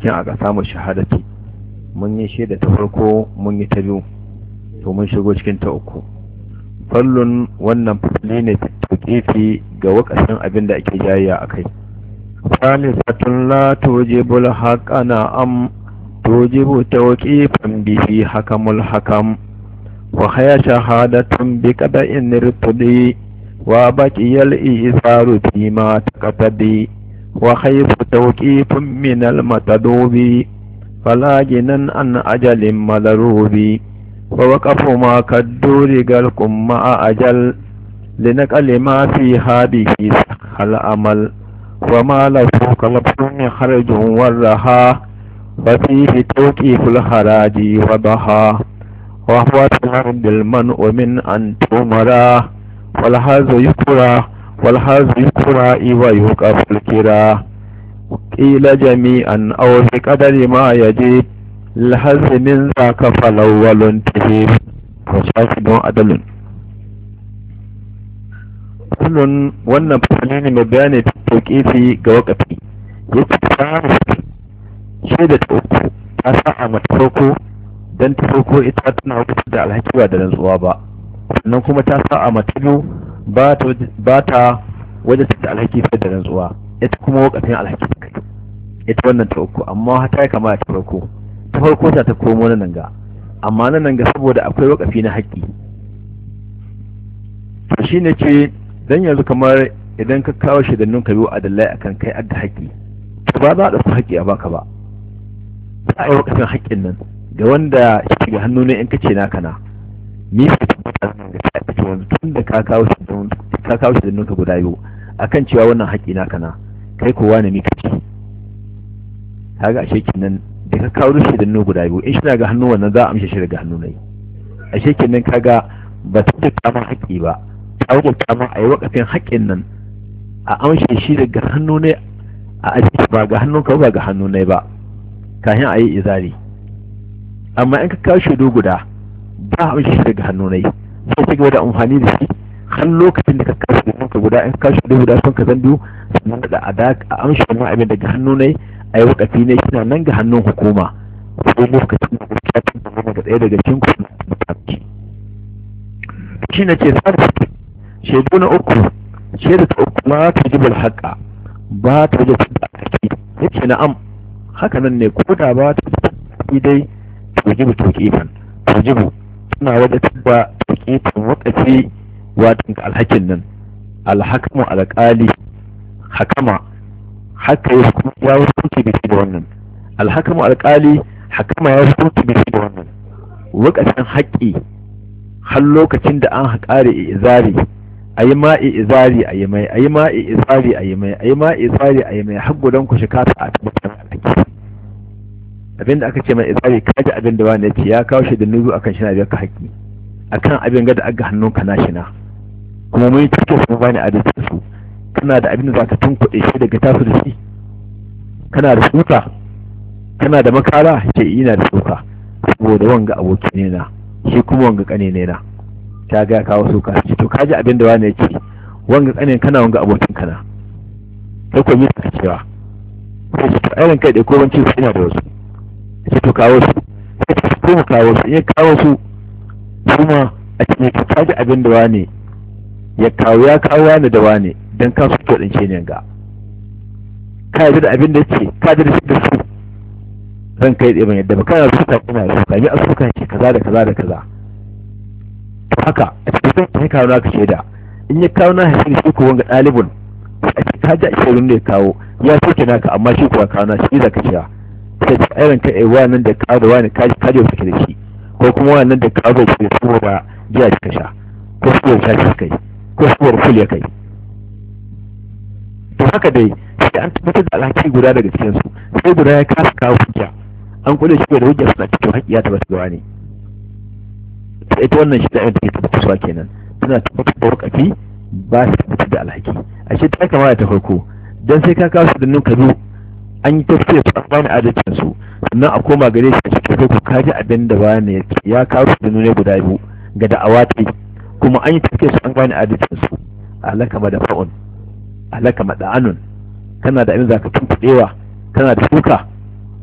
cikin aka samu shahadati mun yi shaida ta farko mun yi ta biyu to mun shigo cikin ta uku fallon wannan fulle ne tuƙifi ga wakasin abin da ake jayayya a kai salisatun la tujibul haƙana am tujibu tawqifan bihi hakamul hakam wa haya shahadatun bi qada'in nirtudi wa baqiyal isaru fi ma taqtadi وخيف توكيف من المتدوب فلا جنا أن أجل مضروب ووقف ما كدور قلكم مع أجل لنقل ما في هذه سخ الأمل وما له كالبطن خرج ورها وفيه توكيف الخراج وبها وهو تمر بالمنء من أن تمرا والهز يكره والحازم كراء ويوقف الكراء قيل جميعا أو بقدر ما يجيب الحز من ذاك فالأول تهيب وشاهد عدل kullun wannan fasali ne mai bayani ta tauƙifi ga wakafi ya ce ta shaida ta uku ta a mata farko don ta farko ita tana hukunta da alhaki ba da rantsuwa ba sannan kuma ta sa'a mata biyu ba ta wajen ta alhaki fiye da rantsuwa ita kuma wakafin alhaki ta kai ita wannan ta uku amma ta kama ta farko ta farko ta ta komo na nan ga amma na nan ga saboda akwai wakafi na haƙƙi to shi ne ce dan yanzu kamar idan ka kawo shi da biyu a dalai a kan kai adda haƙƙi to ba za a ɗauki haƙƙi a baka ba za a yi wakafin haƙƙin nan ga wanda shi ga hannu ne in ka ce naka na ni su da ka kawo shi ka kawo shi ka guda biyu akan cewa wannan haƙi naka na kai kowa ne mika ci kaga ashe kinan da ka kawo shi da guda biyu in shi ga hannu wannan za a amshe shi daga hannu ne ashe kinan kaga ba ta da kama haƙi ba ta wuce ma a yi wakafin haƙin nan a amshe shi daga hannu ne a shi ba ga hannun ka ba ga hannu ne ba kafin a yi izari amma in ka kawo shaidu guda ba a amshe shi daga hannu ne ka ci gaba da amfani da shi har lokacin da ka kashe da kanka guda in kashe da guda sun ka zan biyu sannan da a amshi wannan abin daga hannu ne a yi wakafi ne na nan ga hannun hukuma ko lokacin da kuka da kuma ga ɗaya daga cikin ku na tafi shi na ce sa shaidu na uku shaida ta uku ma ta jibal haƙa ba ta ta da ake yake am? haka nan ne ko da ba ta ta dai ta jibu ta kifan ta jibu suna wajen ta haƙiƙin wakaci watan ka alhakin nan alhakamu alƙali hakama haka ya hukunci ya hukunci bai da wannan alhakamu alƙali hakama ya hukunci bai da wannan wakacin haƙƙi har lokacin da an haƙare izari a yi ma izari a yi mai a yi ma izari a yi mai a yi ma izari a yi mai har gudan ku shiga ta a tabbatar alhaki abinda aka ce mai izari kaji abinda wani ya ce ya kawo shi da nuzu akan shi na biyar ka haƙƙi akan abin ga da aga hannun na shi na kuma mun yi cikin su bani adalcin su kana da abin da tun kuɗe shi daga tasu da shi kana da suka kana da makara yi ina da suka saboda wanga aboki ne na shi kuma wanga kane ne na ta ga kawo suka shi to kaji abin da wani yake wanga kane kana wanga abokin kana sai ko ta cewa sai shi to ainihin kai da ko ban ci su ina da wasu sai to kawo su sai ko mu kawo su in kawo su kuma a cikin ka kaji abin da wane ya kawo ya kawo wane da wane don su to ɗince ne ga ka yi da abin da ce ka da shi da su zan kai ɗaya ban yadda ba kana suka kuma suka yi asuka ce kaza da kaza da kaza to haka a cikin sun ta kawo naka shaida in ya kawo na hasin shi ko wanga ɗalibin a cikin ka ji a shirin da ya kawo ya soke naka amma shi kuwa kawo na shi za ka cewa sai ci irin ka ɗaya nan da kawo da wani kaji kaji wasu ke da shi ko kuma wannan da ka azo bai saboda jiya ka sha ko suwar shafi kai ko suwar ful ya kai to haka dai sai an tabbatar da alhaki guda daga cikin su sai guda ya kasa kawo hujja an kula shi da hujja suna cikin haƙƙiya ta basu ne to ita wannan shi da ta take tabbatarwa kenan tana tabbatar da wakafi ba su tabbatar da alhaki a shi ta kamata ta farko dan sai ka kawo su da nuka biyu an yi tafiya su a bani adalcin su sannan a koma gare shi ta ku kaji abin da wani ya ce ya kawo nune guda biyu ga da'awa kuma an yi tafiye su an gane adalcin su alaka ma da fa'un alaka ma anun kana da abin zaka ka kana da kuka